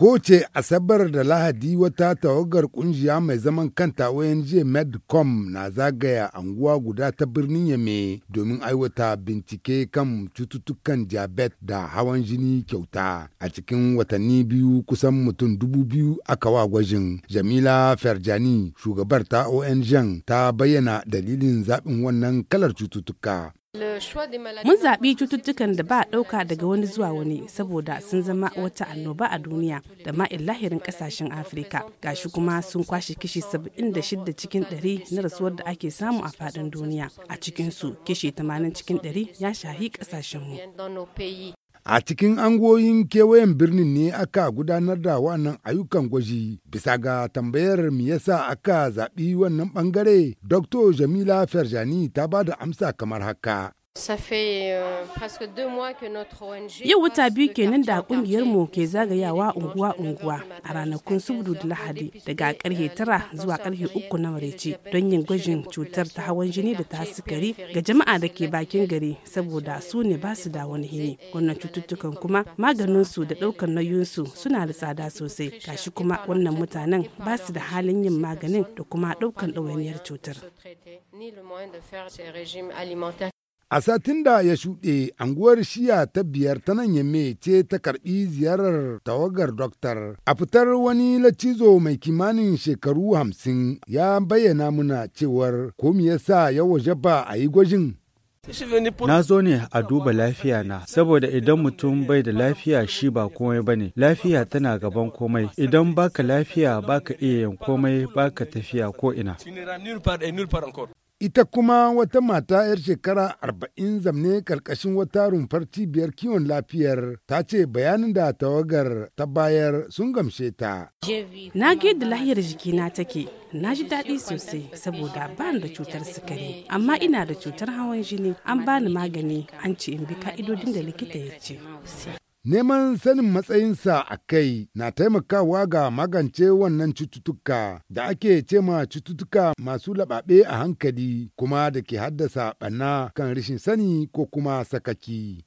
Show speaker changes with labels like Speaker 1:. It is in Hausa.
Speaker 1: Koce Asabar da Lahadi wata tawagar kungiya mai zaman kanta ONG Medcom na zagaya anguwa guda ta birnin Yame domin aiwata bincike kan cututtukan jabet da hawan jini kyauta. A cikin watanni biyu kusan mutum dubu biyu aka wa gwajin. Jamila Ferjani, shugabar ta ONG ta bayyana dalilin zaɓin wannan kalar cututtuka.
Speaker 2: Mun zaɓi cututtukan da ba a ɗauka daga wani zuwa wani saboda sun zama wata annoba a duniya da ma lahirin ƙasashen Afirka. ga shi kuma sun kwashe kishi 76 cikin 100 na rasuwar da ake samu a faɗin duniya. A cikinsu kishi 80 cikin 100 ya shahi ƙasashenmu.
Speaker 1: A cikin angoyin kewayen birnin ne aka gudanar da wannan ayyukan gwaji bisa ga tambayar me yasa aka zaɓi wannan ɓangare. Dr. Jamila Ferjani ta ba da amsa kamar haka.
Speaker 2: Euh, Yau wata biyu kenan da mu ke zagayawa unguwa-unguwa a ranakun subudu da Lahadi daga karfe tara zuwa karfe uku na maraice don yin gwajin cutar ta hawan jini da ta sukari ga jama'a da ke bakin gari saboda su ne ba su da wani hini. Wannan cututtukan kuma maganin su da nauyin su suna da tsada sosai. kashi kuma wannan mutanen ba su da halin yin maganin da kuma ɗaukan dawainiyar cutar. A satin da ya shuɗe,
Speaker 1: anguwar shiya ta biyar ta nan yamme ce ta karɓi ziyarar tawagar doktar. A fitar wani lacizo mai kimanin shekaru hamsin ya bayyana muna cewar ko ya yasa ya waje ba a yi gwajin. Na zo ne a duba lafiya na, saboda idan mutum bai da lafiya shi ba komai ba ne, lafiya tana gaban komai, idan baka lafiya baka iya yin komai baka tafiya ko ina. Ita kuma wata mata 'yar shekara 40 zamne karkashin wata rumfar cibiyar kiwon lafiyar ta ce bayanin da tawagar ta bayar
Speaker 2: sun gamshe ta. Na ge da lahiyar jikina take, na ji daɗi sosai saboda ba da cutar sukari, amma ina da cutar hawan jini an bani magani an ce in bi ka'idodin da likita ya ce.
Speaker 1: Neman sanin matsayinsa a kai na taimakawa ga magance wannan cututtuka da ake ce ma cututtuka masu laɓaɓe a hankali kuma da ke haddasa ɓanna kan rashin sani ko kuma sakaki.